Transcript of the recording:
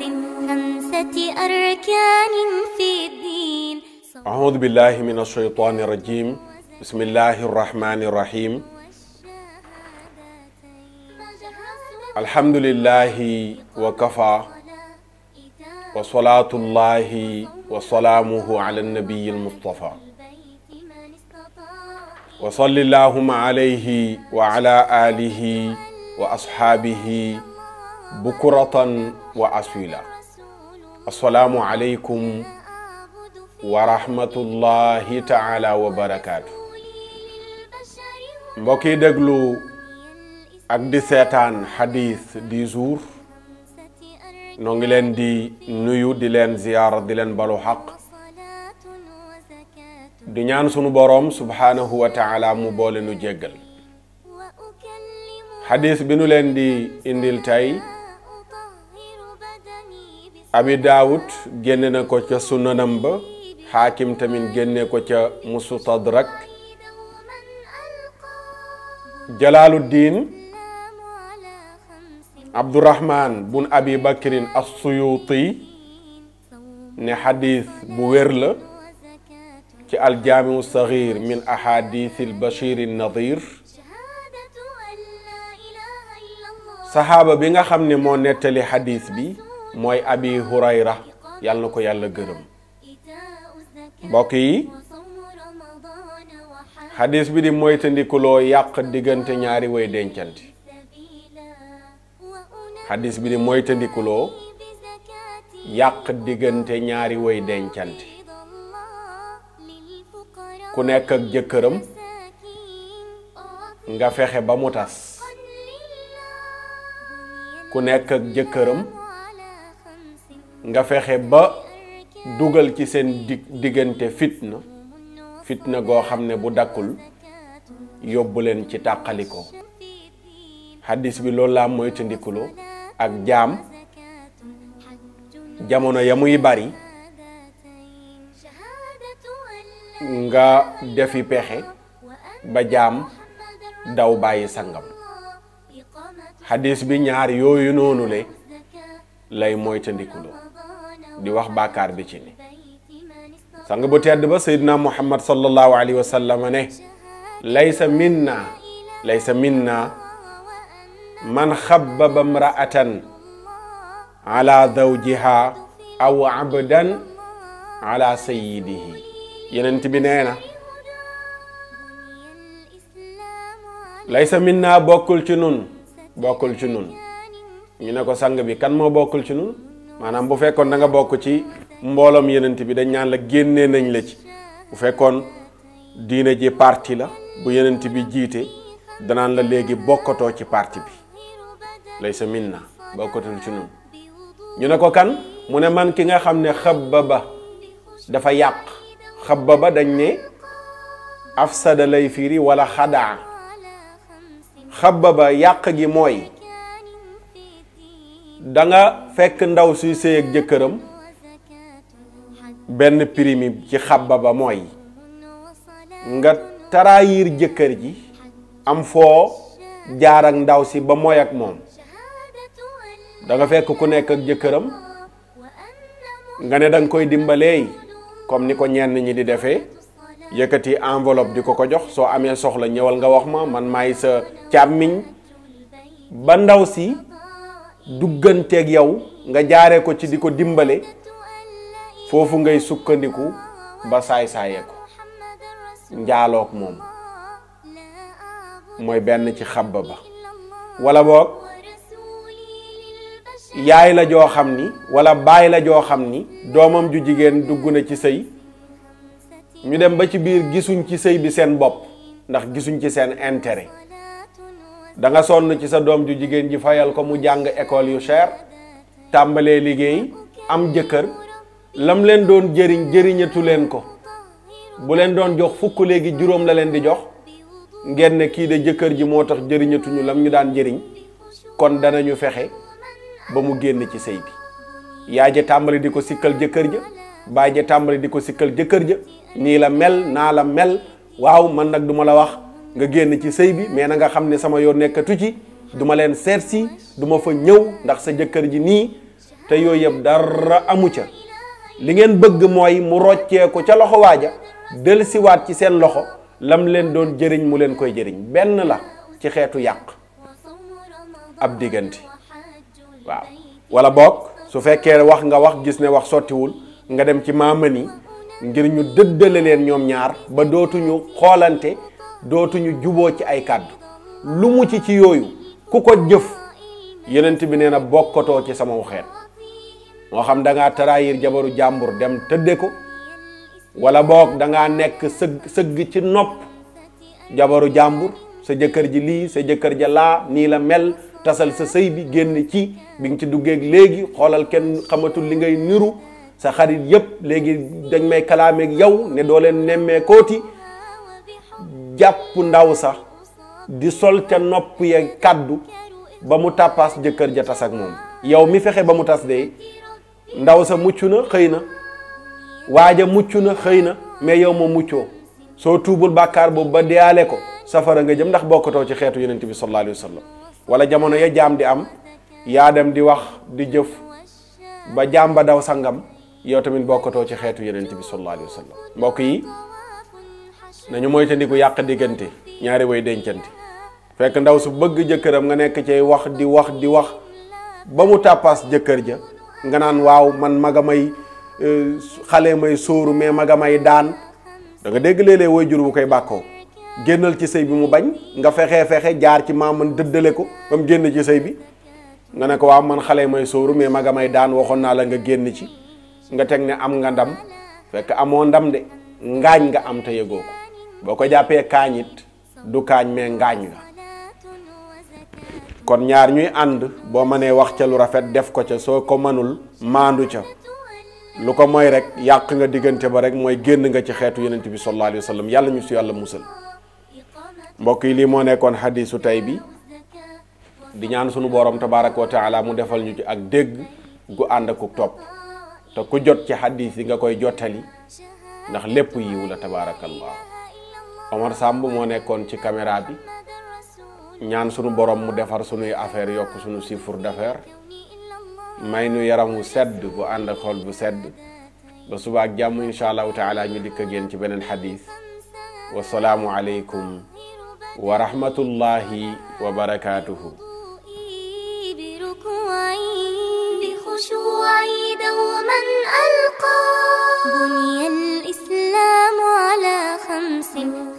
خمسة أركان في الدين أعوذ بالله من الشيطان الرجيم بسم الله الرحمن الرحيم الحمد لله وكفى وصلاة الله وسلامه على النبي المصطفى وصل اللهم عليه وعلى آله وأصحابه bukuratan wa aswila assalaamu aleykum wa rahmatullahi taala wa barakaatu mbokk yi déglu ak di seetaan xadis di jour noo ngi leen di nuyu di leen ziyaara di leen balu xaq du ñaan sunu boroom subhaanahu wa taala mu boole nu jéggal bi nu leen di indil tey abi daoud génne na ko ca sunanam ba hakim tamin génne ko ca mustadrak jalaluddin abdurrahman bun abi bakrin as-suyuti ne hadith bu wér la ci al-jami'u saghir min ahadith al-bashir an nadir sahaba bi nga xamne mo netali hadith bi moy abi hurayra yalla ko yalla geureum mbok yi hadith bi di lo yàq digeunte ñaari way dencante hadith bi di lo yak digeunte ñaari way dencante ku nek ak jëkkëram nga fexe ba mu ku nek ak nga fexe ba dugal ci seen dig diggante fitna fitna goo xam ne bu dakkul yóbbuleen ci tàqaliko xaddis bi loolu laa moytandikuloo ak jaam jamono ya muy bari nga defi pexe ba jaam daw bàyyi sangam xaddis bi ñaar yooyu noonu le lay moytandikuloo di wax bàkkaar bi ci ni sang bu tedd ba sayyidina muhammad sallallahu alayhi wa sallam ne laysa minna laysa minna man xabbaba mraatan ala zawjiha aw abdan ala sayyidihi yenent bi nee na laysa minna bokkul ci bokkul ci nun ñu ne ko sang bi kan moo bokkul ci maanaam bu fekkoon da nga bokk ci mbooloom yenent bi dañ naan la génnee nañ la ci bu fekkoon diine ji parti la bu yenent bi jiite danaan la léegi bokkatoo ci parti bi lay sa minna bokkatul ci ñu ne ko kan mu ne man ki nga xam ne xëbba ba dafa yàq xëbba ba dañ ne afsada lay firi wala xadaa xëbba ba yàq gi mooy da nga fekk ndaw suy sey ak jëkkëram benn primi ci xabba ba mooy nga taraayir jëkkër ji am foo jaar ak ndaw si ba mooy ak moom da nga fekk ku nekk ak jëkkëram nga ne da koy dimbalee comme ni ko ñenn ñi di defee yëkkati enveloppe di ko ko jox soo amee soxla ñëwal nga wax ma man maay sa càmmiñ ba ndaw si dugganteeg yow nga jaare ko ci di ko dimbale foofu ngay sukkandiku ba saay-saayee ko njaaloog moom mooy benn ci xabba ba wala boog yaay la joo xam ni wala baay la joo xam ni doomam ju jigéen dugg na ci sëy ñu dem ba ci biir gisuñ ci sëy bi seen bopp ndax gisuñ ci seen intérêt da nga sonn ci sa doom ju jigéen ji fayal ko mu jàng école yu cher tàmbalee liggéey am jëkkër lam leen doon jëriñ jëriñatu leen ko bu leen doon jox fukk léegi juróom la leen di jox ngeen ne kii de jëkkër ji moo tax jëriñatuñu lam ñu daan jëriñ kon danañu fexe ba mu génn ci sëy bi yaay ja tàmbali di ko sikkal jëkkër ja baay ja tàmbali di ko sikkal jëkkër ja nii la mel naa la mel waaw man nag duma la wax nga génn ci sëy bi mais na nga xam ne sama yoon nekkatu ci du leen seet si du fa ñëw ndax sa jëkkër ji nii te yooyu yëpp dara amu ca li ngeen bëgg mooy mu roccee ko ca loxo waaja del siwaat ci seen loxo lam leen doon jëriñ mu leen koy jëriñ benn la ci xeetu yàq ab diggante waaw wala boog su fekkee wax nga wax gis ne wax sottiwul nga dem ci maamani ngir ñu dëddale leen ñoom ñaar ba dootuñu xoolante dootuñu juboo ci ay kàddu lu mu ci ci yooyu ku ko jëf yenent bi nee na bokkatoo ci sama xeet moo xam da ngaa trahir jabaru jàmbur dem tëdde ko wala boog da nekk sëgg sëgg ci nopp jabaru jàmbur sa jëkkër ji lii sa jëkkër ja laa nii la mel tasal sa sëy bi génn ci bi nga ci duggeek léegi xoolal kenn xamatul li ngay niru sa xarit yépp léegi dañ may kalaameeg yow ne doo leen nemmee kooti jàpp ndaw sax di sol ca nopp ya kàddu ba mu tàppaas jëkkër ja tas ak moom yow mi fexe ba mu tas de ndaw sa mucc na xëy na waaja mucc na xëy na mais yow ma muccoo soo tuubul bàkkaar boobu ba deyaale ko safara nga jëm ndax bokkatoo ci xeetu yonent bi sallallahu alayhi wa sallam wala jamono ya jaam di am yaa dem di wax di jëf ba jaam ba daw sangam yow tamit bokkatoo ci xeetu yonent bi sallallahu alayhi wa mbokk yi nañu moytandiku yàq diggante ñaari way dencante fekk ndaw su bëgg jëkkëram nga nekk cay wax di wax di wax ba mu tàppaas jëkkër ja nga naan waaw man maga may euh, xale may sóoru mais maga may daan da nga dégg léeg-léeg way jur bu génnal ci sëy bi mu bañ nga fexe fexe jaar ci maam man dëddale ko ba génn ci sëy bi nga ne ko waaw man xale may sóoru mais maga may daan waxoon naa la nga génn ci nga teg ne am nga ndam fekk amoo ndam de ngaañ nga am te yëgoo ko boo ko jàppee kaañit du kaañ mais ngaañ la kon ñaar ñuy ànd boo mënee wax ca lu rafet def ko ca soo ko mënul maandu ca lu ko moy rek yàq nga diggante ba rek mooy génn nga ci xeetu yonent bi sallallahu alayhi wa yàlla ñu si yàlla musal mbokk yi lii moo nekkoon xadiisu tey bi di ñaan sunu borom tabaaraka wa taala mu defal ñu ci ak dégg gu ànd ak ku topp te ku jot ci xadiis yi nga koy jottali ndax lépp yiw la tabaarakallah Omar Samb moo nekkoon ci caméra bi ñaan sunu borom mu defar sunuy affaire yokk sunu chiffre d'affaires may nu yaram wu sedd bu ànd ak xol bu sedd ba suba ak jàmm incha allahu taala ñu dikk génn ci beneen xadis wasalaamu aleykum wa rahmatullahi wa barakaatuhu بخشوعي دوما ألقى بني الإسلام على خمس